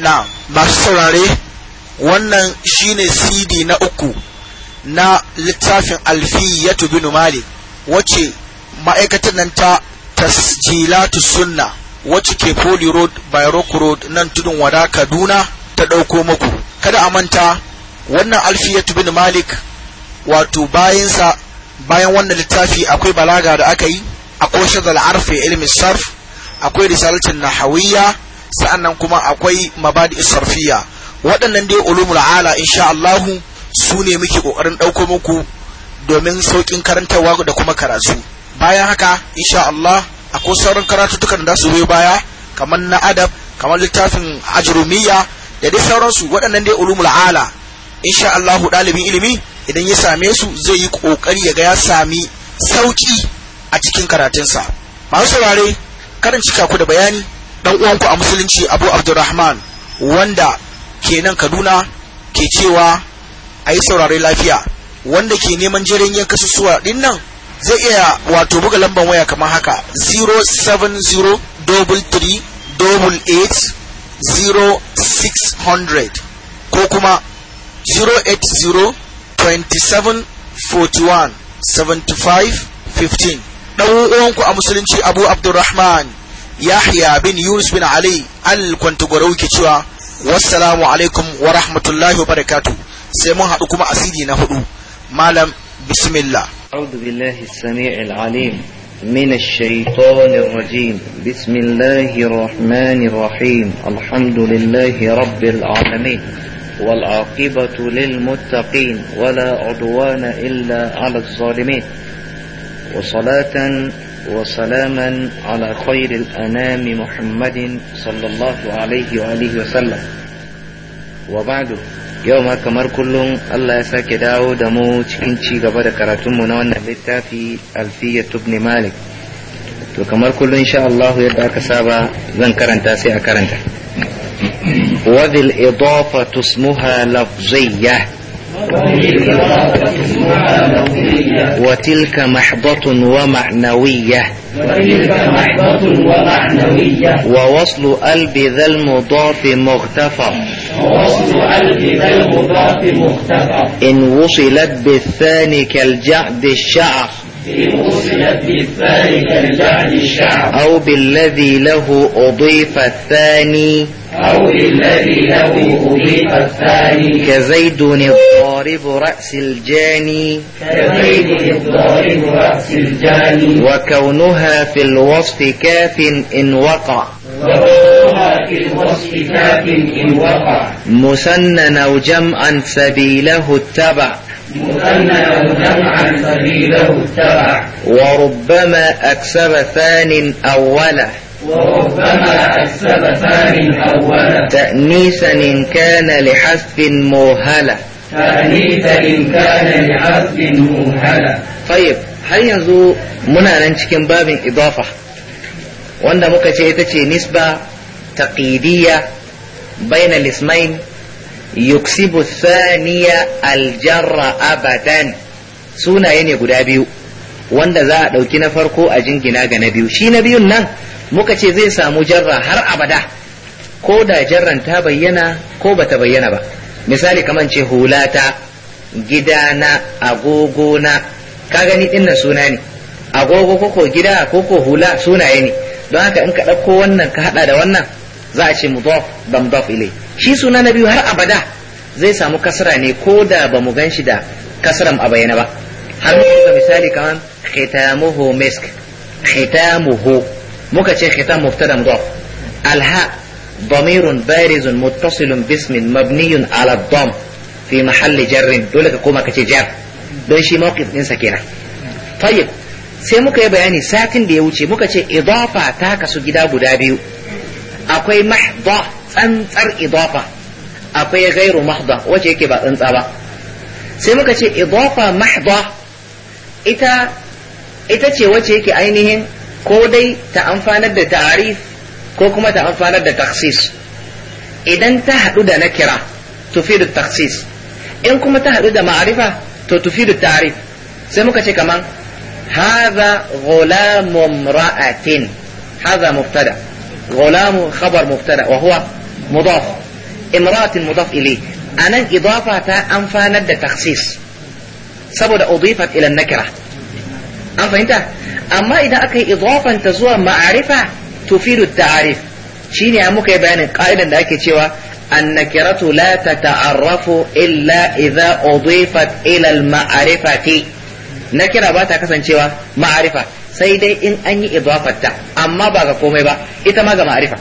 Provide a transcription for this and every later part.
na masu saurare wannan shine cd na uku na littafin alfiyatu bin malik wacce ma'aikatar nan ta tasjilatu sunna wacce ke poli road by rock road nan tudun wada kaduna ta ɗauko muku kada a manta wannan alfiyatu bin malik wato bayansa bayan wannan littafi akwai balaga da aka yi akwai shagal arfe ilmi sarf akwai risalatin nahawiyya sa'annan kuma akwai mabadi sarfiya waɗannan dai ulumul ala insha Allah su ne muke kokarin ɗauko muku domin saukin karantarwa da kuma karatu bayan haka insha Allah akwai sauran karatutukan da su zo baya kamar na adab kamar littafin ajrumiya da dai sauransu waɗannan dai ulumul ala insha Allah ɗalibin ilimi idan ya same su zai yi kokari ya ga ya sami sauki a cikin karatunsa masu saurare karin cika ku da bayani dan uwanku a musulunci abu abdurrahman wanda kenan kaduna ke cewa ayi yi saurare lafiya wanda ke neman jirin yin kasusuwa din nan zai iya wato buga lambar waya kamar haka 070 33 88 0600 ko kuma 080 27 41 75 15 ɗan uwanku a musulunci abu abdurrahman yahya bin yunus bin ali al ke cewa wassalamu alaikum wa rahmatullahi wa barakatu sai mun haɗu kuma asiri na hudu malam bismillah أعوذ بالله السميع العليم من الشيطان الرجيم بسم الله الرحمن الرحيم الحمد لله رب العالمين والعاقبة للمتقين ولا عدوان إلا على الظالمين وصلاة وسلاما على خير الأنام محمد صلى الله عليه وآله وسلم وبعد يوم كمر كل الله يساك داو دمو تكنشي قبل كراتم منون في ألفية ابن مالك to kamar kullum insha Allah yadda aka saba zan karanta sai a karanta wadil idafa tusmuha lafziyya وتلك محضة ومعنوية وتلك محضة ومعنوية ووصل قلب ذا المضاف مغتفر ووصل قلب ذا المضاف مغتفر إن وصلت بالثاني كالجعد الشعر بالثاني كالجعد الشعر أو بالذي له أضيف الثاني أو الذي له خلق الثاني كزيد الضارب رأس الجاني كزيد الضارب رأس الجاني وكونها في الوصف كاف إن وقع وكونها في الوصف كاف إن وقع أو جمعا سبيله اتبع مثنى جمعا سبيله اتبع وربما أكسب ثان أوله وربما أكسب ثان أولا تأنيسا إن كان لحذف مهلة تأنيسا إن كان لحذف مهلة طيب har yanzu muna nan cikin babin idafa wanda muka ce ita ce nisba taqidiyya baina lismain yuksibu saniya, aljarra abadan sunaye ne guda biyu wanda za a ɗauki na farko a jingina ga na biyu shi na biyun nan muka ce zai samu jarra har abada ko da jarran ta bayyana ko bata bayyana ba misali kaman ce hulata gidana agogona ka gani dinnan suna ne agogo koko gida koko hula sunaye ne don haka in ka ɗauko wannan ka haɗa da wannan za a ce mudaf ba mudaf ilai shi suna na biyu har abada zai samu kasra ne ko da ba mu gan shi da kasran a bayyana ba har muka misali kaman khitamuhu misk khitamuhu muka ce khitam mubtada mudaf alha ضمير بارز متصل باسم مبني على الضم في محل جر دول كوما كتي جر دون شي موقف din sakina طيب sai muka yi bayani satin da ya wuce muka ce idafa ta kasu gida guda biyu akwai mahda tsantsar idafa akwai gairu mahda wacce yake ba tsantsa ba sai muka ce idafa mahda ita ita ce wacce yake ainihin ko dai ta amfanar da ta'arif ko kuma ta amfanar da taksis idan ta haɗu da nakira tufidu taksis in kuma ta haɗu da ma'arifa to tufidu ta'arif sai muka ce kaman hadha ghulamu imra'atin hadha mubtada ghulamu khabar mubtada wa huwa mudaf imra'atin mudaf ilayh anan idafa ta amfanar da taksis saboda udifat ila nakira an fahimta amma idan aka yi idafanta zuwa ma'arifa tufidu ta'arif ne an muka yi bayanin ka'idan da ake cewa annakiratu la tata'arrafu illa idza udifat ila al-ma'rifati nakira ba ta kasancewa ma'arifa sai dai in an yi idafarta amma ba ga komai ba ita ma ga ma'arifa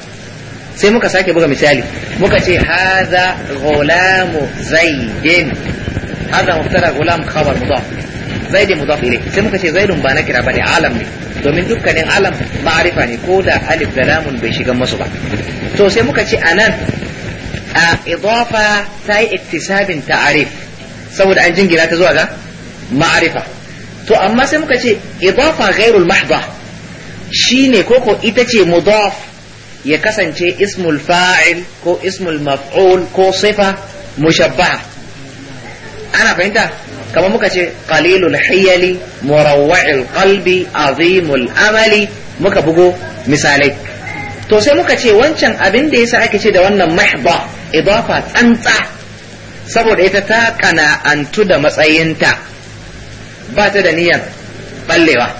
sai muka sake buga misali muka ce hadha ghulamu zaidin hadha mubtada gulam khabar mudaf zaidin mudaf ilai sai muka ce zaidun ba na kira bane alam ne domin dukkanin alam ma'arifa ne ko da alif da lamun bai shiga masu ba to sai muka ce anan a idafa ta yi iktisabin ta'arif saboda an jingira ta zuwa ga ma'arifa to amma sai muka ce idafa ghairul mahdha shine koko ita ce mudaf ya kasance ismul fa'il ko ismul maf'ul ko sifa mushabbaha ana fahimta kamar muka ce qalilul hiyali murawwa'il qalbi azimul amali muka bugo misalai to sai muka ce wancan abin da yasa ake ce da wannan mahba idafa tsantsa saboda ita ta kana'antu da matsayinta ba ta da niyyar ballewa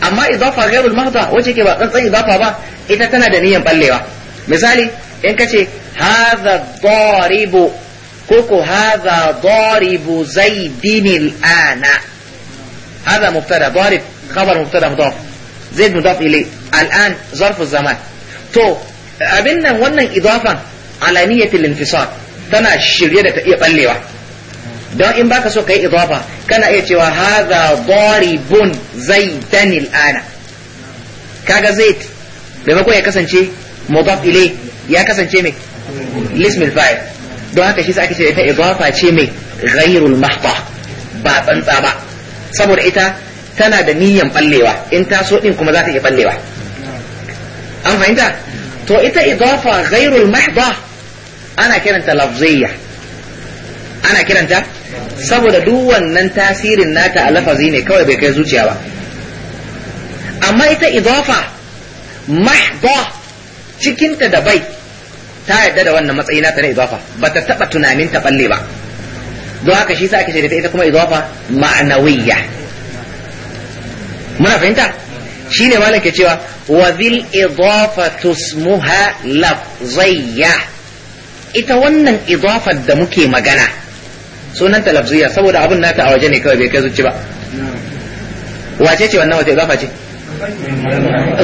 amma idafa ghairul mahda wace ke ba tsantsan idafa ba ita tana da niyyar ballewa misali in ka ce hadha daribu koko hadha daribu zaidin al'ana hadha mubtada darib khabar mubtada mudaf zaid mudaf ilay al'an zarf zaman to abin nan wannan idafan ala ya al-infisal tana shirya da ta iya ballewa don in baka so kai idafa kana iya cewa hadha daribun zaidan al'ana kaga zaid da ya kasance mudaf ilay ya kasance mai lismil fa'il don haka shi ake ce ita idafa ce mai ghairul mahba ba tsantsa ba saboda ita tana da niyyan ballewa in ta so din kuma za ta iya ballewa an fahimta to ita idafa ghairul mahba ana kiranta lafziya ana kiranta saboda duk wannan tasirin nata a lafazi ne kawai bai kai zuciya ba amma ita idafa mahba cikinta da bai ta yadda da wannan matsayi nata na izafa ba ta taɓa tunanin ta balle ba don haka shi sa ake ce da ita kuma izafa ma'anawiyya muna fahimta shine malam ke cewa wa zil idafatu tusmuha lafzayya ita wannan idafar da muke magana sunanta lafziya saboda abun nata a waje ne kawai bai kai zuci ba wace ce wannan wata idafa ce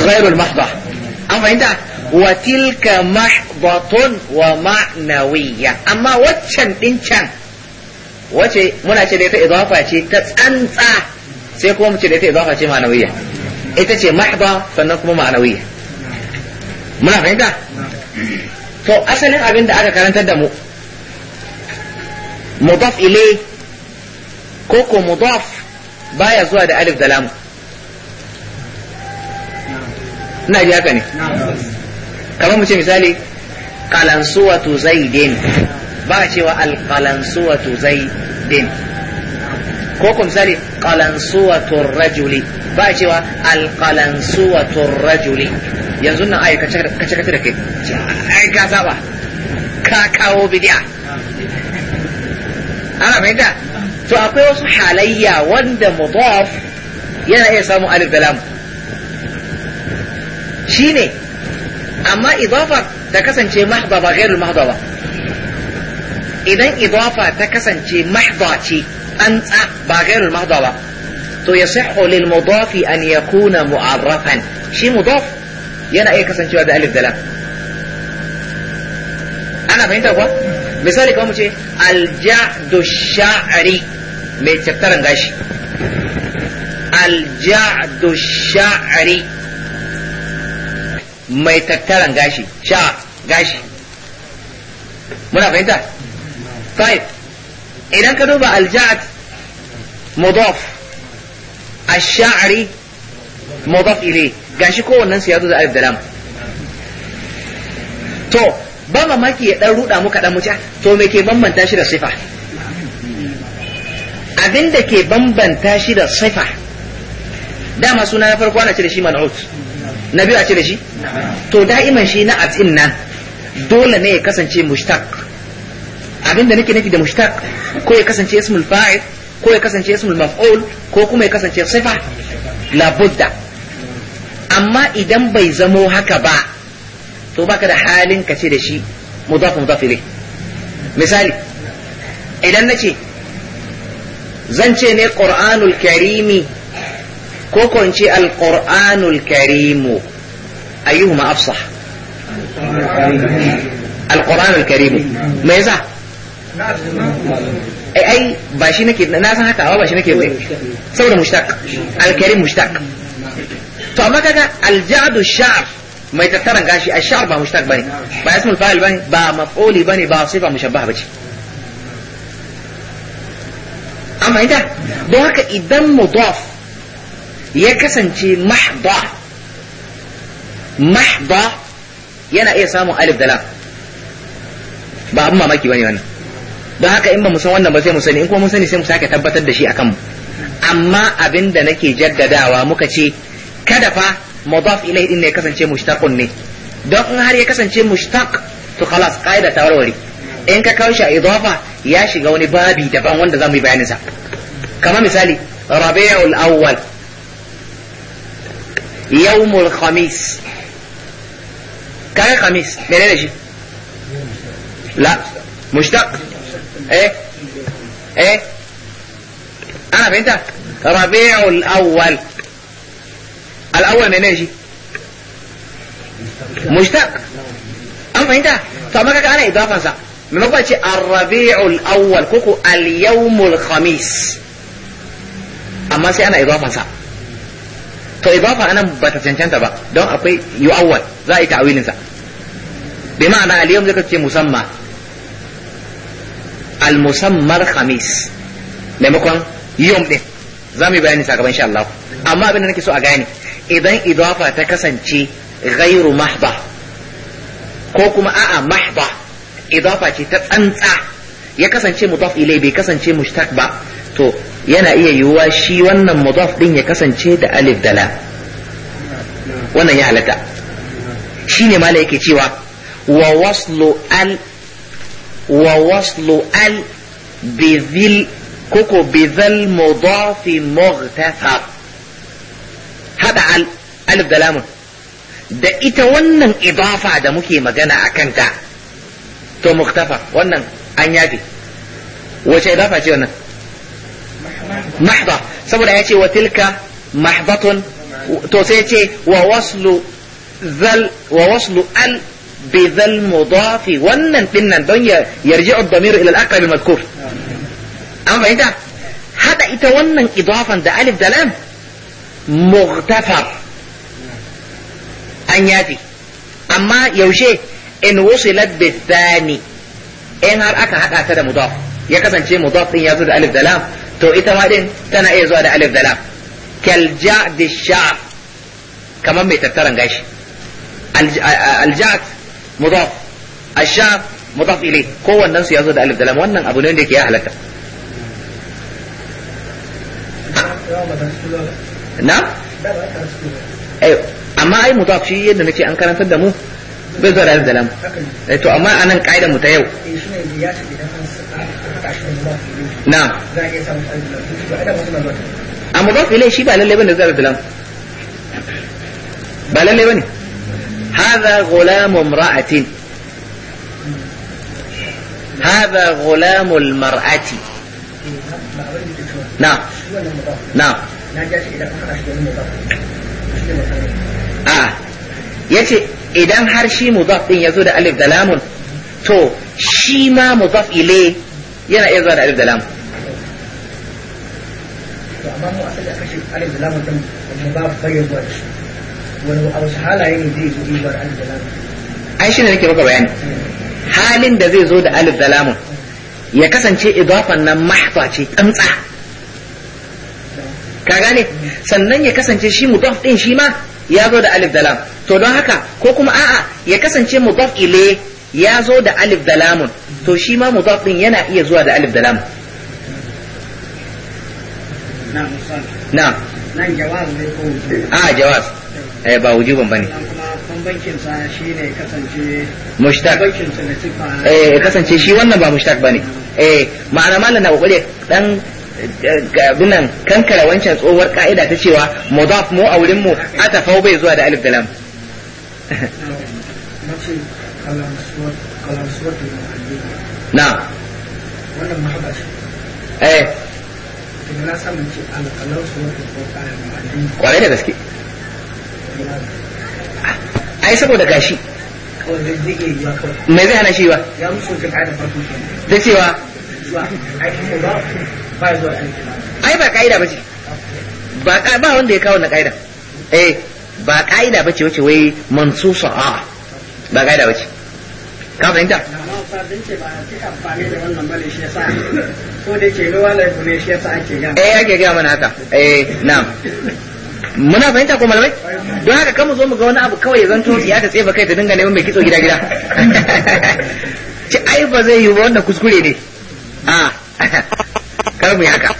ghairul mahdha an fahimta watilka mahbatun wa ma'nawiyya amma waccan dincan wace muna ce da ita idafa ce ta tsantsa sai kuma mu ce da ita idafa ce ma'nawiyya ita ce mahba sannan kuma ma'nawiyya muna fahimta to asalin abin da aka karantar da mu mudaf ilay ko ko mudaf baya zuwa da alif da lam ina ji haka ne kamar mu ce misali qalansuwatu zaidin ba cewa alqalansuwatu zaidin ko kuma misali qalansuwatu rajuli ba cewa alqalansuwatu rajuli yanzu nan ai kace kace da kai ai ka saba ka kawo bid'a ana fahimta to akwai wasu halayya wanda mudaf yana iya samun alif da lam shine amma idafa ta kasance mahba ba ghairul mahda ba idan idafa ta kasance mahda ce an ba ghairul mahda ba to yasihhu lil mudafi an yakuna mu'arrafan shi mudaf yana iya kasancewa da alif da ana fahimta kuwa misali kamar mu ce alja'du sha'ri mai tattaran gashi alja'du sha'ri mai tattaran gashi sha gashi muna fahimta fahim idan ka duba alja'ad mudof ash-sha'ri mudof ile gashi kowannen su ya zo da alif da lam to ba mamaki ya dan ruda muka dan muca to me ke bambanta shi da sifa abinda ke bambanta shi da sifa dama suna na farko ana cire shi man'ut na biyu a ce da shi to da'iman shi na at'in nan dole ne ya kasance mushtaq abinda nake nufi da mushtaq ko ya kasance ismul fa'il ko ya kasance ismul maf'ul ko kuma ya kasance sifa la budda amma idan bai zamo haka ba to baka da halin ka ce da shi mudaf mudaf misali idan nace zan ce ne qur'anul karimi ko kwanci alƙur'anul karimu ayyuhuma alƙur'anul karimu eh, ai ba shi nake na san haka ba shi nake bai saboda mushtaq alkarim mushtaq to amma kaga aljadu sha'r mai tattaran gashi a sha'r ba mushtaq bane ba ismul fa'il bane ba maf'uli bane ba sifa bace amma idan don haka idan mudaf ya kasance mahba mahba yana iya samun alif da ba abin mamaki bane wannan don haka in ba mu san wannan ba sai mu sani in kuma mun sai mu sake tabbatar da shi akan mu amma abin da nake jaddadawa muka ce kada fa mudaf ilayhi din ne kasance mushtaqun ne don in har ya kasance mushtaq to khalas qaida ta warware in ka kawo shi a idafa ya shiga wani babi daban wanda zamu yi bayanin sa kamar misali rabi'ul awwal يوم الخميس كان خميس من اين لا مشتق ايه ايه انا فهمتك ربيع الاول الاول من اين مشتق اما انت فما كان على اضافه صح من الربيع الاول كوكو اليوم الخميس اما سي انا اضافه صح to idafa anan ba ta cancanta ba don akwai yu'awwal za a yi ta'awilin sa bi ma'ana aliyum zaka ce musamma al-musammar khamis maimakon yom din za mu yi bayani sakamakon insha Allah amma abin da nake so a gane idan idafa ta kasance ghairu mahba ko kuma a'a mahba idafa ce ta tsantsa ya kasance mudaf ilai bai kasance mushtaq ba to yana iya yiwuwa shi wannan mudaf din ya kasance da alif dala wannan ya halatta shine mala yake cewa wa waslu al wa waslu al bizil koko bizal mudafi mughtasar hada al alif da lamun da ita wannan idafa da muke magana a kanta to muktafa wannan an yafe wace idafa ce wannan mahda saboda ya ce wa tilka mahbatun to sai ce wa waslu zal wa waslu al bi zal mudafi wannan din nan don ya yarji ad-damir ila al-aqrab al-madhkur an fahimta hada ita wannan idafan da alif da lam mughtafar an أن amma yaushe in إن bi thani in har aka haɗa ta da mudaf ya kasance mudaf din ya zo da alif da lam to ita ma din tana iya zuwa da alif da lam kal ja'di sha kamar mai tattaran gashi al ja'd mudaf ash-sha'r mudaf ilay kowannen su ya zo da alif da lam wannan abu ne da yake ya halaka na eh, amma ai mudaf shi yadda nace an karantar da mu bai zara ranar da lam eh, to amma a nan mu ta yau eh, na amma ba filai shi ba lallai bane zuwa da lam ba lallai bane هذا غلام امرأة هذا غلام المرأة نعم نعم a yace. idan har shi mudaf din ya zo da alif da lamun to shi ma mudaf ile yana iya zuwa da alif da lamun ai shi ne nake maka bayani halin da zai zo da alif da lamun ya kasance idafan nan mahfa ce tsantsa ka gane sannan ya kasance shi mudaf din shi ma ya zo da alif da to don haka ko kuma a'a ya kasance mudaf ile ya zo da alif da lamun to shi ma mudaf din yana iya zuwa da alif da na na'am nan jawaz ne ko a jawaz eh ba wujuban bane bankin sa shine kasance mushtaq bambancin sa na sifa eh kasance shi wannan ba mushtaq bane eh ma'ana mallan na kokari dan binan kankara wancan tsohuwar ka'ida ta cewa mudaf mu a wurin mu atafau bai zuwa da alif da lam na wannan mahaba ce eh na samu ce alƙalau suwar kwarai da gaske ai saboda gashi me zai hana shi ba Ya da cewa ai ba ka'ida ba ce ba wanda ya kawo na ka'ida eh ba ka'ida ba ce wace wai mansusa a ba ka'ida ba ce ka fahimta eh ake gaya mana haka eh na'am muna fahimta ko malamai don haka kan mu zo mu ga wani abu kawai ya zanto ya ta tsefa kai ta dinga neman mai kitso gida gida ci ai ba zai yi wannan kuskure ne a ah. kar mu haka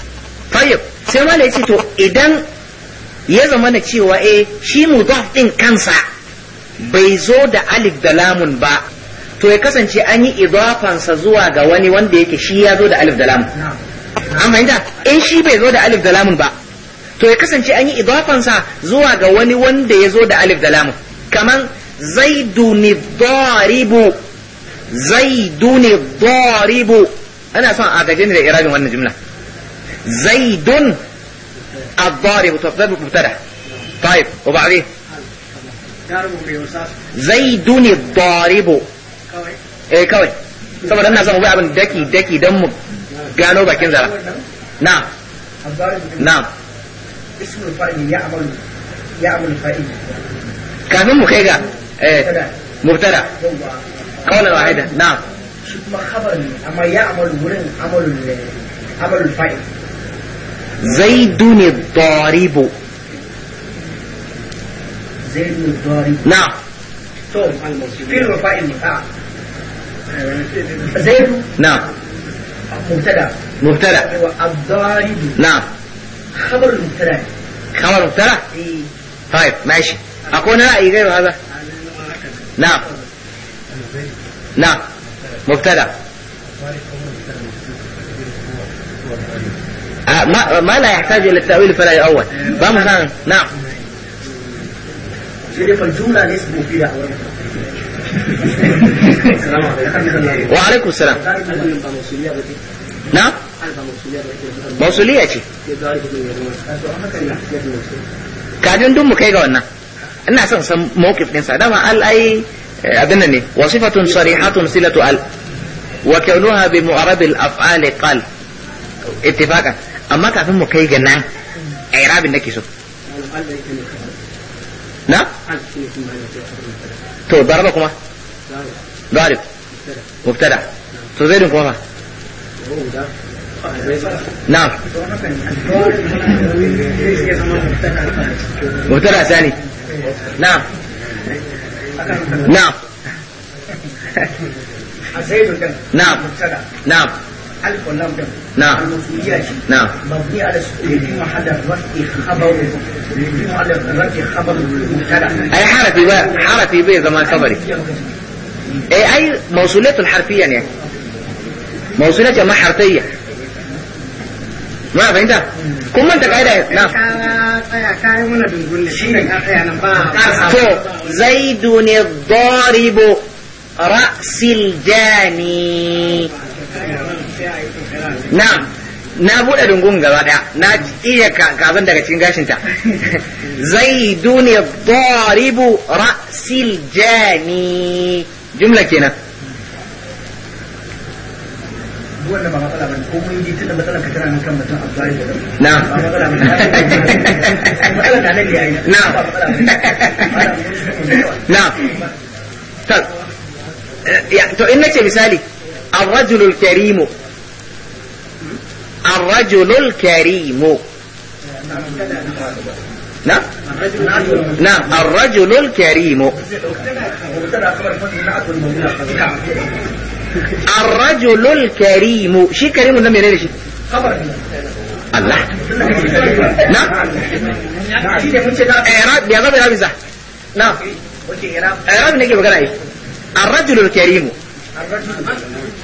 tayyib sai ma ce to idan ya zama na cewa eh shi mu din kansa bai zo da alif da lamun ba to ya kasance an yi idafansa zuwa ga wani wanda yake shi ya zo da alif da lamun amma inda in shi bai zo da alif da lamun ba to ya kasance an yi idafansa zuwa ga wani wanda ya zo da alif da lamun kaman zaiduni daribu zaiduni daribu ana son a gaje da irabin wannan jumla زيد الضارب تفضل مبتدا طيب وبعدين إيه؟ زيد الضارب اي كوي سبا دنا سان وبي ابن دكي دكي دم نعم نعم اسم الفاعل يعمل يعمل فاعل كانوا مخيغا ايه مبتدا قول واحده نعم شو خبر اما يعمل عمل عمل زيد الضارب زيد الضارب نعم طيب، في فين المتاع زيد نعم مبتدا مبتدا الضارب نعم خبر المبتدا خبر المبتدا إيه. طيب ماشي اكون اي غير هذا نعم نعم مبتدا ما, ما لا يحتاج الى التاويل فلا يؤول فهم خان نعم وعليكم السلام نعم موصولية شيء كاجن دم كيغا وانا انا اصلا موقف ننسى دام قال اي ابنني وصفة صريحة صلة ال وكونها بمعرب الافعال قال اتفاقا amma kafin mu kai ga nan a irabin ke so na to daraba kuma darib Muftada. to din kuma ba. Na. Muftada ثاني Na. Na. Na. Na. ألف واللام نعم نعم مبني على السكون على خبر على الرفع خبر اي حرفي بقى حرفي بيه زمان خبري إيه، اي اي موصوليته حرفيا يعني موصولات ما حرفيه ما fahimta kun manta kaida نعم to zaidun ad na'am na bude dungun gaba daya na iya kazan daga cikin gashinta zaidu ne daribu ra'sil jani jumla kenan wannan ba matsala ba ko mun yi tunda matsalar ka tana nan kan mutum a bayan da na ba matsala bane na na eh, to in nace misali ar-rajulul karimu الرجل الكريم نعم نعم الرجل الكريم الرجل الكريم شي كريم ده منين شي الله نعم اعراب يا بابا يا نعم اعراب نيجي بقى الرجل الكريم الرجل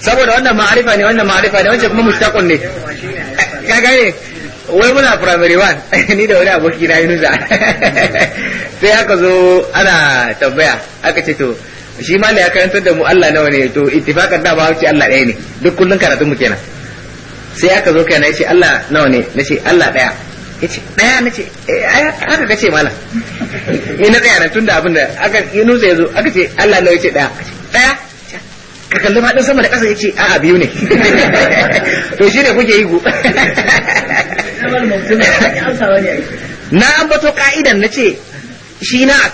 saboda wannan ma'arifa ne wannan ma'arifa ne wancan kuma mushtaqun ne ka gane wai muna primary one ni da wani aboki na Yunusa sai aka zo ana tambaya aka ce to shi ma ya karantar da mu Allah nawa ne to ittifakan da ba wuce Allah ɗaya ne duk kullun karatu mu kenan sai aka zo kai na ce Allah nawa ne nace Allah ɗaya yace ɗaya nace aka ga ce eh, mala ni na tsaya na tunda abin da aka Yunusa ya aka ce Allah nawa yace ɗaya ka kalli faɗin sama da ƙasa ya ce a'a biyu ne to shi ne kuke yi ku na ambato ka'idan na ce shi na'at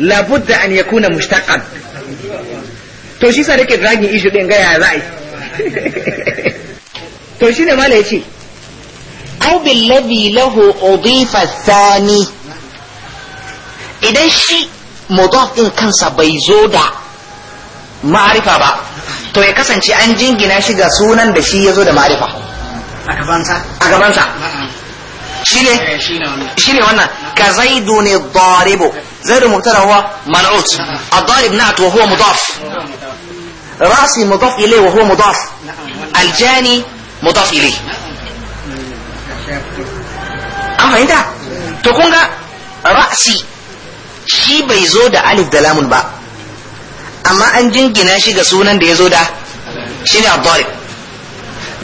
labudda an yakuna mushtaqan to shi sa nake dragging issue din ga ya za a to shine mala yace aw bil ladhi lahu udifa thani idan shi mudaf din kansa bai zo da ma'arifa ba to ya kasance an jingina shi ga sunan da shi ya zo da ma'arifa a gabansa a gabansa shi ne eh, shi ne wannan ka zaidu ne daribu zaidu mutara huwa man'ut ad-darib na wa huwa mudaf rasi mudaf ilayhi wa huwa mudaf Aljani jani mudaf ilayhi an fahimta mm. to kun ga ra'si shi bai zo da alif da lamun ba amma an jingina shi ga sunan da ya zo da shi ne ad-darib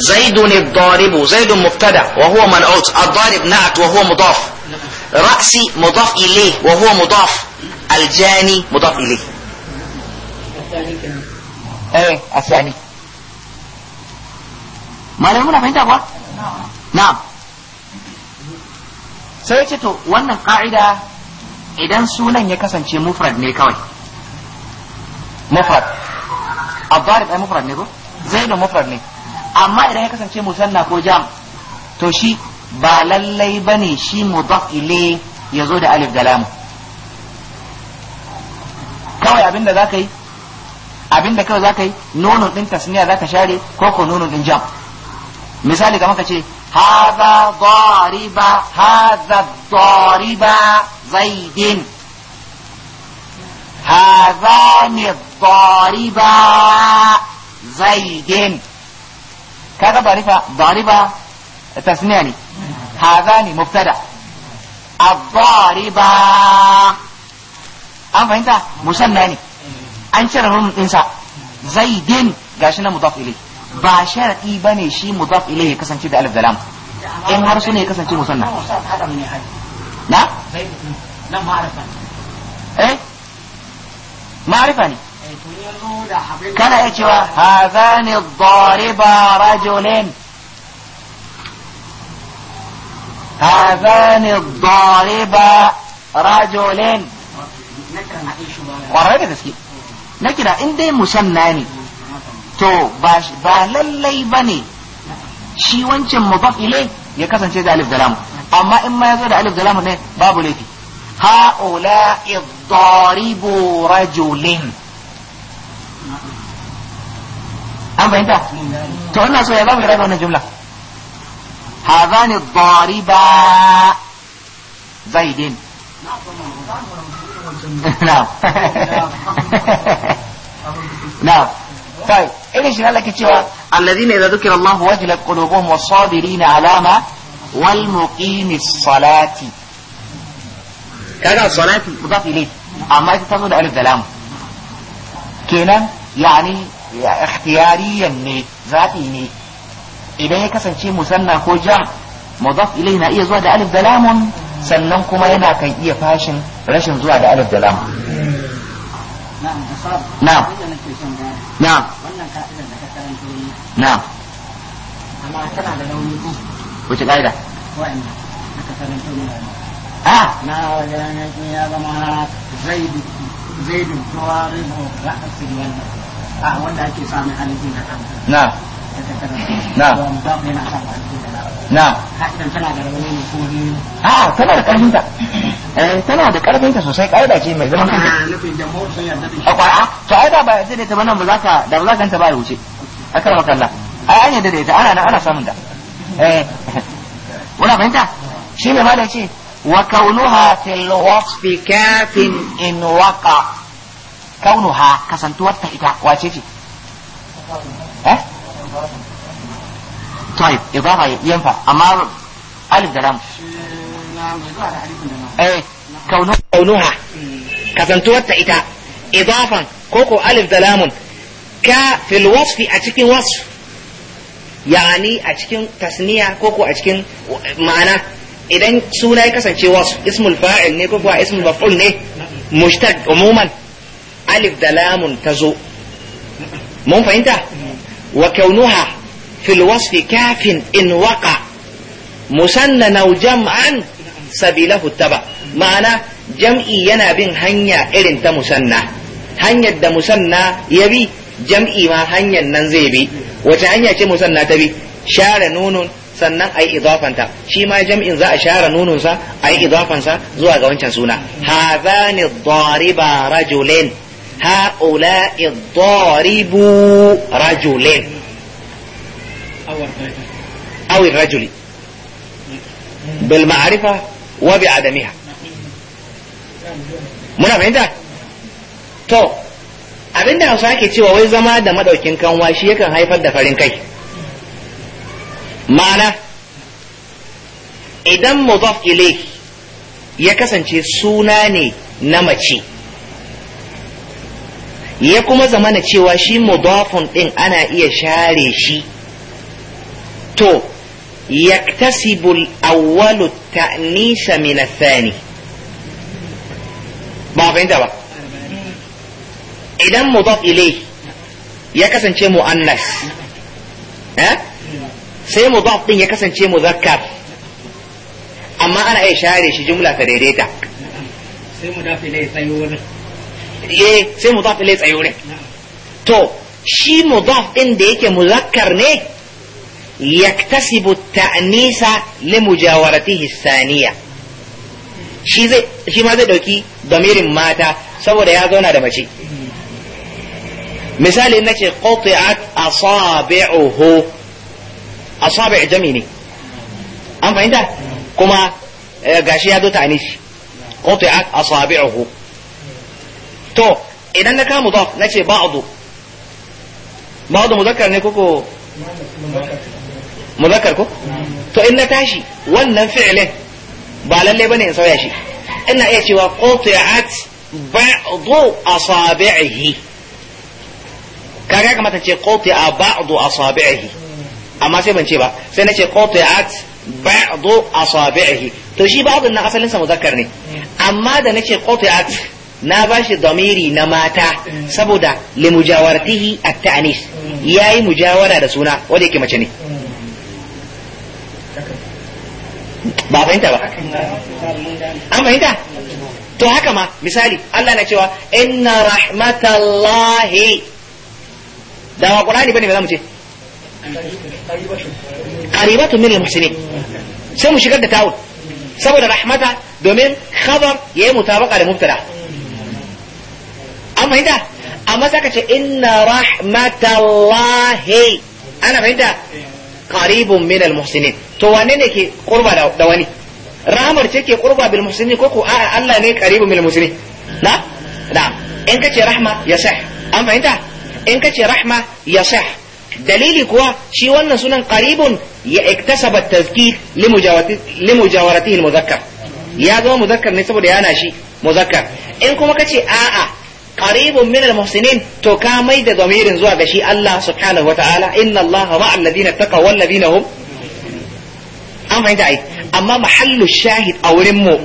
zaidun ad-darib zaidun mubtada wa huwa man'ut ad-darib na'at wa huwa mudaf ra'si mudaf ilayh wa huwa mudaf al-jani mudaf ilayh eh asani malamu na fahimta kuwa na'am sai ce to wannan ka'ida idan sunan ya kasance mufrad ne kawai mufrad abbar da mufrad ne ko da mufrad ne amma idan ya kasance musanna ko jam to shi ba lallai bane shi mudaf ile ya zo da alif da lam kawai abinda zaka yi abinda kawai zaka yi nono din tasniya zaka share ko ko nono din jam misali kamar ka ce hadha dariba hadha dariba zaidin hadha ضاربا زيد كذا ضاربا ضاربا تسمعني هذان مبتدا الضاربا an fahimta musanna ne an cire rumun ɗinsa zaidin gashi na mudaf ilai ba shar'i ba ne shi mudaf ilai ya kasance da alif da in har ya kasance musanna na? ne kana ya cewa hazani dariba rajulin hazani dariba rajulin kwarar da gaske na kira in dai musanna ne to ba lallai ba ne shi wancan mudaf ilai ya kasance da alif da lam amma in ma ya zo da alif da babu laifi ha'ula idaribu an fahimta to ina so ya ba mu نعم wannan نعم. طيب ايش قال لك الذين اذا ذكر الله وجلت قلوبهم والصابرين على ما والمقيم الصلاة كذا الصلاة مضاف اليه اما تتظن الف دلام كينا يعني ikhtiyariyan ne zaɓi ne idan ya kasance musanna ko jam mudaf ilai na iya zuwa da alif da lamun sannan kuma yana kan iya fashin rashin zuwa da alif da lamun na'am na'am na'am amma ah! na ya zama zaidu Ah, wanda ake samun alifi na kan na na na Na. a tana da karfin ta tana da karfin eh, ta sosai kaida ce mai zaman kanta nufin jama'u sun yarda da shi a kwara ah, to ai da ba sai da ba nan ba za ka da ba za ka ba ya wuce akar makalla ai an yarda da ana nan ana samun ta eh wala fahimta shi ne ma da ce wa kaunuha fil wasfi kafin in waqa kaunu ha kasantuwar ta ita wace ce eh taib idara yanfa amma alif da lam eh kaunu kaunu ha kasantuwar ta ita idafan koko alif da lamun ka fil wasfi a cikin wasf yani a cikin tasniya koko a cikin ma'ana idan suna ya kasance wasu ismul fa'il ne ko kuwa ismul maf'ul ne mushtaq umuman alif da lamun ta zo mun fahimta wa kaunuha fil wasfi kafin in waka musannana jam'an sabilahu taba ma'ana jam'i yana bin hanya irin ta musanna hanyar da musanna ya bi jam'i ma hanyar nan zai bi wace hanya ce musanna ta bi share nunun sannan a yi idafanta shi ma jam'in za a share nununsa a yi idafansa zuwa ga wancan suna hazani dariba rajulin هؤلاء الضارب رجلين أو الرجل بالمعرفة وبعدمها muna fahimta to abinda hausa ake cewa wai zama da madaukin kanwa shi yakan haifar da farin kai ma'ana idan mudaf ya kasance suna ne na mace ya kuma zamana cewa shi mudafun din ana iya share shi to يكتسب الأول التأنيس من الثاني Ba fahimta ba idan mudaf إليه ya kasance mu'annas eh? sai mudaf din ya kasance muzakkar amma ana iya share shi jumla ta daidaita sai mudaf ilai sai wurin eh sai mudaf ilai tsaye to shi mudaf din da yake muzakkar ne yaktasibu ta'nisa li mujawaratihi saniya shi zai shi ma zai dauki damirin mata saboda ya zauna da mace misali na ce qati'at asabi'uhu asabi' jamini an fahimta kuma eh, gashi ya zo ta'nisi qati'at asabi'uhu to idan na kama mudaf na ce ba'adu ba'adu muzakkar ne koko muzakkar ko to in na tashi wannan fi'ilin ba lalle bane in sauya shi ina iya cewa qati'at ba'du asabi'ihi kaga kamata ce qati'a ba'du asabi'ihi amma sai ban ce ba sai na ce qati'at ba'du asabi'ihi to shi ba'du na asalin sa muzakkar ne amma da nace qati'at na bashi damiri na mata saboda limujawartihi at ya yi mujawara da suna wanda yake mace ne ba fahimta ba an fahimta to haka ma misali Allah na cewa inna rahmatallahi da wa qur'ani bane me zamu ce qaribatu min al-muhsinin sai mu shigar da tawul saboda rahmata domin khabar yayi mutabaka da mubtada fahimta amma saka ce inna rahmatallahi ana fahimta qaribun min almuhsinin to wane ne ke kurba da wani rahmar ce ke bil muhsinin ko ko Allah ne qaribun min almuhsinin na na in kace rahma ya sah an fahimta in kace rahma ya sah dalili kuwa shi wannan sunan qaribun ya iktasaba tazkir ya zama muzakkar ne saboda yana shi muzakkar in kuma kace a'a qaribun min al-muhsinin to ka mai da zamirin zuwa ga shi Allah subhanahu wata'ala inna Allah ma'a alladhina taqaw wal ladina hum an fahimta ai amma mahallu shahid a wurin mu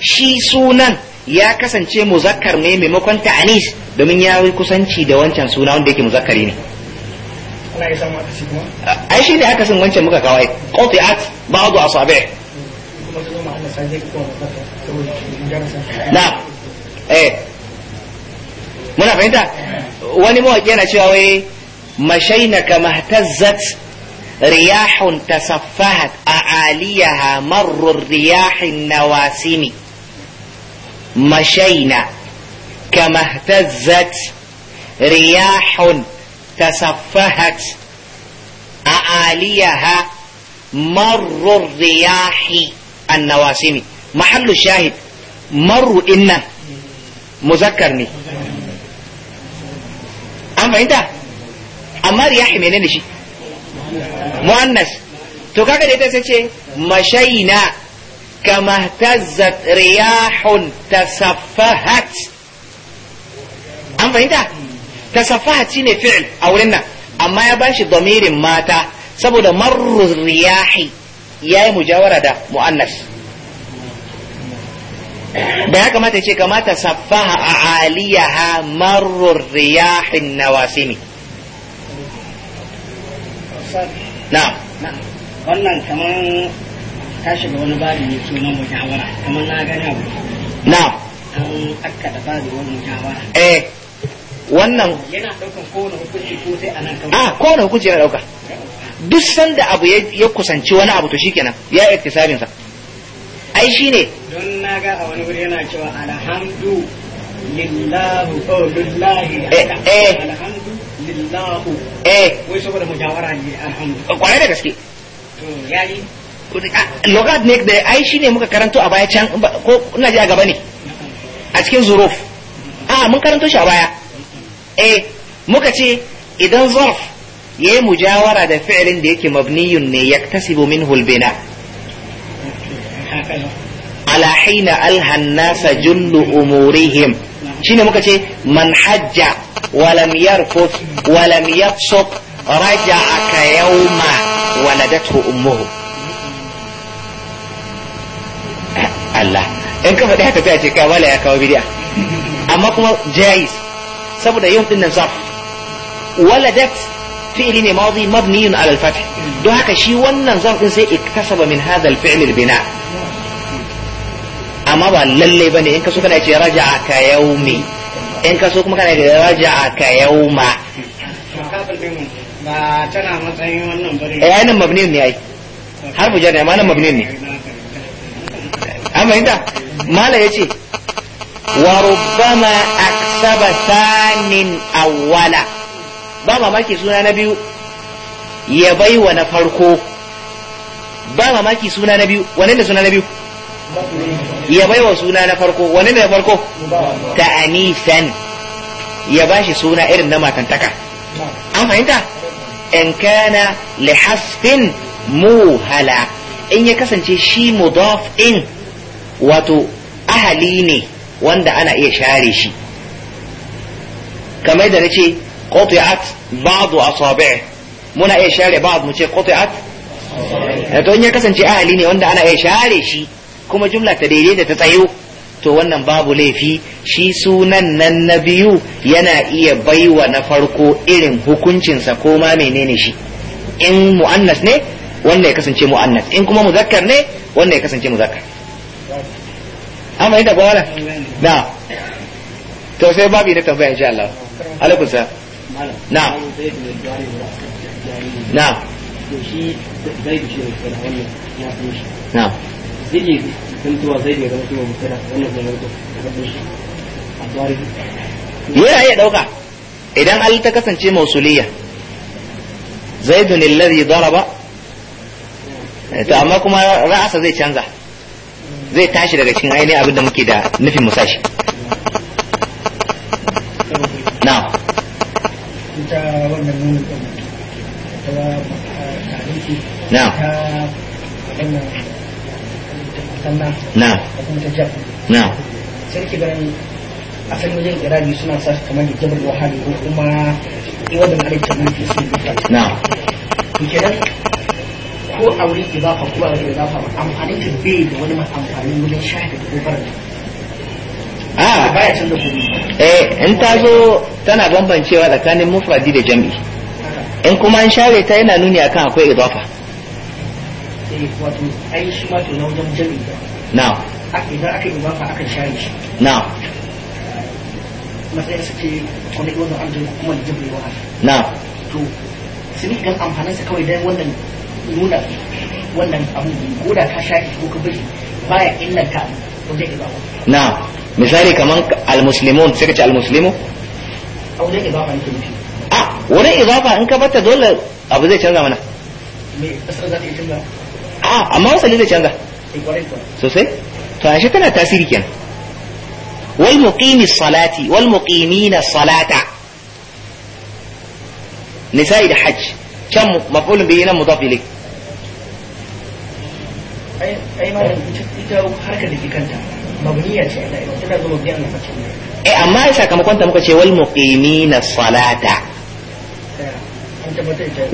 shi sunan ya kasance muzakkar ne maimakon ta'anis domin ya yi kusanci da wancan suna wanda yake muzakkari ne ai ne aka san wancan muka kawai muna fahimta wani mawaki yana cewa wai mashaina kama tazzat riyahun tasaffahat a aliyaha marrur riyahin nawasimi mashaina kama tazzat riyahun tasaffahat a aliyaha marrur riyahi annawasimi mahallu shahid marru dinnan muzakkar ne fahimta amma riya'i menene shi muannas to kaga da ita sai ce mashaina kama tazzat riyahun tasaffahat an fahimta tasaffahat shine fi'l a wurin nan amma ya bashi domirin mata saboda marru riyahi yayi mujawara da muannas da ya kamata ce kamata saffaha a aliyaha marrur riyahin ne na wannan kaman ta shiga wani bari ne sunan mujawara kaman na gani abu na an aka da bari wani mujawara eh wannan yana daukan kowane hukunci ko sai anan kawai ah kowane hukunci yana dauka duk sanda abu ya kusanci wani abu to shikenan ya iktisabin sa ai ne don na ga a wani wuri yana cewa alhamdu lillahu ko lillahi oh, eh, alhamdu eh. lillahu eh wai saboda mujawara ne alhamdu eh, kwarai da gaske to yayi ah, logat ne da ai ne muka karanto a baya can ko ina ji a gaba ne a cikin zuruf a ah, mun karanto shi a baya eh muka ce idan zarf yayi mujawara da fi'lin da yake mabniyun ne yaktasibu minhu albina على حين اله الناس جل أمورهم شين مكتي من حج ولم يرفض ولم يبسط رجع كيوم ولدته أمه الله إن كفر ده تتأتيك ولا يا كوابيديا أما كما جايز سبب يوم تنن صف ولدت فعل ماضي مبني على الفتح ده هكا شي ونن صف إن اكتسب من هذا الفعل البناء amma ba lalle bane in ka so kana ce raja'a ka yaumi in ka so kuma kana da raja'a ka yauma ba tana matsayin wannan bane eh ainihin mabnin ne ai har bujar ne amma nan mabnin ne amma fahimta mala yace wa rubbama aksaba sanin awwala ba mamaki suna na biyu ya baiwa na farko ba mamaki suna na biyu wanne da suna na biyu ya baiwa suna na farko wani ne farko ta'anisan ya bashi suna irin na matantaka an fahimta in kana lihasfin muhala in ya kasance shi mudaf in wato ahali ne wanda ana iya share shi kamar da nace qati'at ba'du asabi' muna iya share ba'du mu ce qati'at eh, to in ya kasance ahali ne wanda ana iya share shi kuma jumla ta daidai da ta tsayo to wannan babu laifi shi sunan nan na biyu yana iya baiwa na farko irin hukuncinsa ko ma menene shi in mu'annas ne wanda ya kasance mu'annas in kuma muzakkar ne wanda ya kasance muzakkar amma yadda bawala na to sai babu da tambaya insha Allah alaikum sa na na na zai ya zai iya dauka idan al ta kasance mausuliya zaidun alladhi daraba to amma kuma ra'asa zai canza zai tashi daga cikin ainihin abin da muke da nufin musashi na na na na sarki ganin a san wajen iraki suna sa kamar hijabar wahabi ko kuma iwadan halittar mulki sun duka na to kenan ko a wurin idafa ko a wurin idafa amfanin ta bai da wani amfanin wajen shahada da gobar a baya canza kudi eh in ta zo tana bambancewa tsakanin mufradi da jam'i in kuma an share ta yana nuni akan akwai idafa wato ai shi ma na wajen jami'i na idan aka yi wafa akan share shi na matsayin suke wani wannan arzikin kuma da jami'i wa na to sun yi gan amfaninsa kawai dan wannan nuna wannan abu ko da ka share ko ka bari baya illanta wajen ibawa na misali kaman almuslimun sai ka ce almuslimu a wajen ibawa ne a ah, wani izafa in ka bata dole abu zai canza mana me kasar za ta yi canza A'a, ah, amma wasali zai canza eh, sosai to ashe tana tasiri kenan wal muqimi salati wal muqimina salata nisa'i da hajj can maf'ulun bihi nan mudaf ilayh ai ai ma ita harkar da ke kanta mabniya ce Allah ita zo mabniya na fatin eh amma sakamakon ta muka ce wal muqimina salata eh,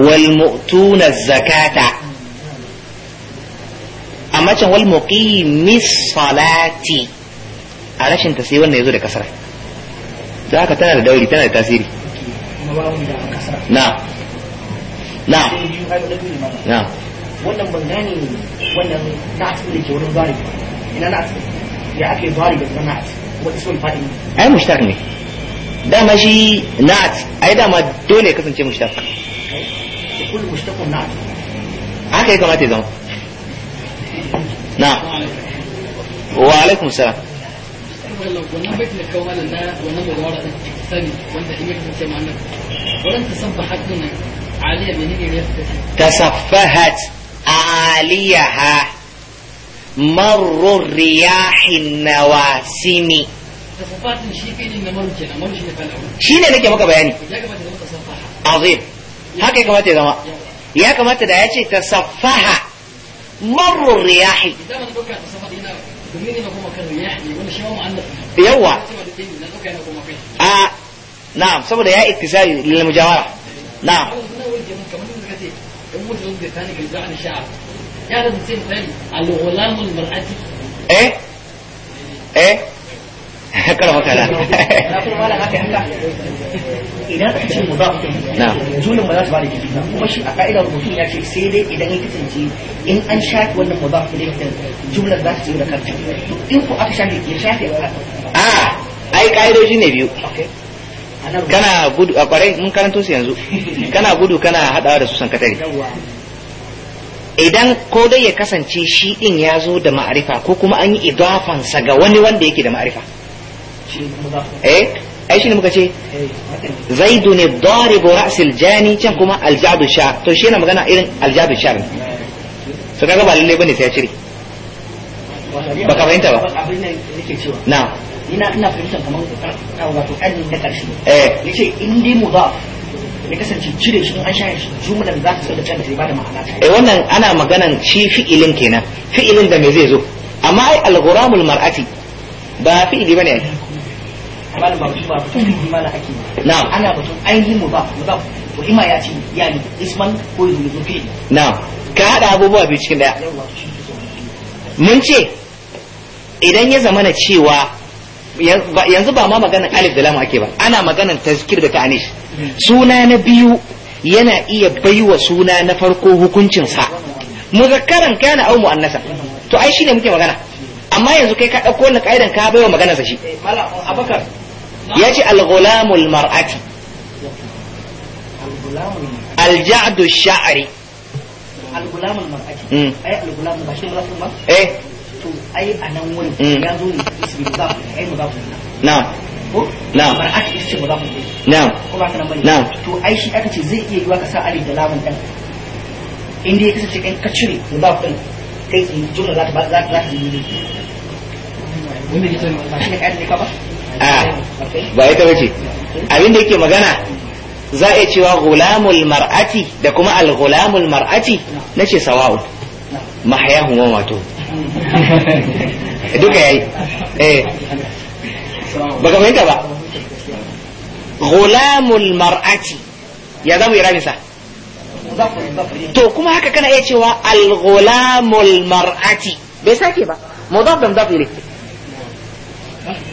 wal mu'tuna zakata amma can wal muqimis salati a rashin ta sai wanda yazo da kasara Za ka tana da dauri tana da tasiri na na na wannan ban gane wannan na asibiti da ke wurin zari ina na asibiti ya ake zari da kuma na wata suna faɗi ai mushtaq ne dama shi na'at ai dama dole ya kasance mushtaq kullu mushtaqun na'at haka ya kamata ya zama na wa alaikum salam wannan baiti na in ya kasance ma'anar ne مر الرياح النواسم shi ne nake maka bayani haka ya kamata ya zama ya kamata da ya ce ta marru riyahi yawa a na'am saboda ya ittisali lil mujawara na'am eh eh kar makara idan aka na julin ba za su ba a ya ce sai dai idan in an wannan ne jumlar za da ku aka shafi ya kana gudu a kwarai mun karanto su yanzu kana gudu kana hadawa da susan idan ko dai ya kasance shi din ya zo da ma'arifa ko kuma an yi idafansa ga wani wanda yake da ma'arifa eh ai shine muka ce zaidu ne daribu ra'sil jani can kuma aljabu sha to shi yana magana irin aljabu sha ne to kaga ba ba fahimta ba na ina ina fahimtar kamar wato ƙarni na ƙarshe eh yace in dai mu ba ya kasance cire shi an shaye shi jumlar za ta da ta bada ma'ana eh wannan ana maganan shi fi'ilin kenan fi'ilin da me zai zo amma ai al-ghuramul mar'ati ba fi'ili bane ai malam ba shi ba batun malam ake na'am ana batun ainihin mu ba mu ba to ima ya ce yani isman ko yuzulu fi na'am ka hada abubuwa biyu cikin daya mun ce idan ya zama na cewa yanzu ba ma maganar alif da lam ake ba ana maganar tazkir da Taanish. Hmm. suna na biyu yana iya baiwa suna na farko hukuncinsa muzakkaran kana au mu'annasa to ai shine muke magana amma yanzu kai ka ɗauko wannan ƙa'idan ka wa magana sa shi eh, ya ce al-ghulamul mar'ati al-ja'du sha'ri al-ghulamul mar'ati hmm. ai al-ghulamul ba shi ba eh to ai a nan hmm. ya zo ne ismi ba ai mu ba na'am na'am mar'ati ita ce mu ba na'am ko ba kana bane na'am to ai shi aka ce zai iya yiwa ka sa alif da lamun dan inda ya kasance kai ka cire mu ba kai kai jumla za ta ba za ta yi ba ita ce. abin da yake magana za a cewa gulamul mar'ati da kuma al-gulamul mar'ati nace sawa'un mahyahu wa wato duka yayi eh baka fahimta ba gulamul mar'ati ya zamu yi ramisa to kuma haka kana iya cewa al-gulamul mar'ati bai sake ba mudaf da mudaf ilayhi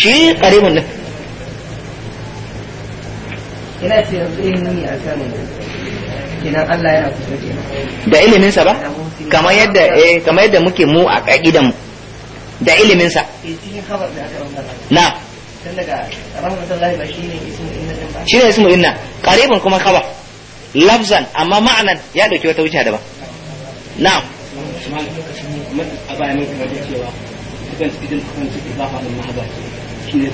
shi karibun nan ina ce yanzu ilimi a kan kenan Allah yana kusa da ilimin sa ba kamar yadda eh kamar yadda muke mu a ka'idan da ilimin sa eh, na shi ne ismu inna karibun kuma khabar lafzan amma ma'anan ya dauki wata wuce daban na'am a bayanin kamar cewa idan idan kasance da mahaba ce shi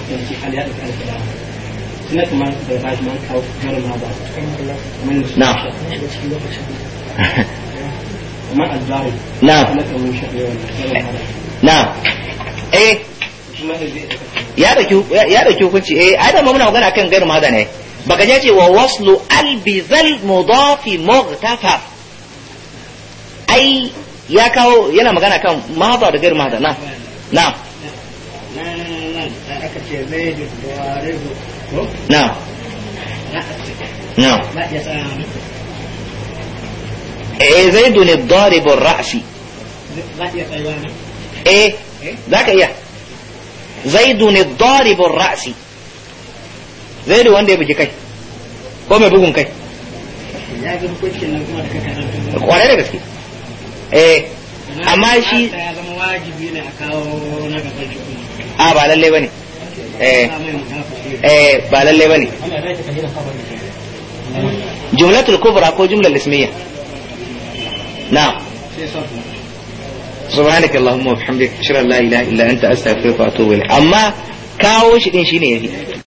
da ba man na na na eh ya ɗauki hukunci eh ai da muna magana kan gairu mahaba ne baka je ce wa waslu albizal mudafi mughtafar ai ya kawo yana magana kan mahaba da gairu mahaba na na aka ce zai ko na na eh zai eh za ka iya zaidu ne daribin ra'asi zaidu wanda ya bugi kai ko mai bugun kai kwarai da gaske eh amma shi a ba lalle ba ne eh ba lalle ne jumlatul kubra ko jumlal ismiya na subhanaka allahumma wa bihamdika ashhadu an la ilaha illa anta astaghfiruka wa atubu ilayk amma kawo shi din shine yafi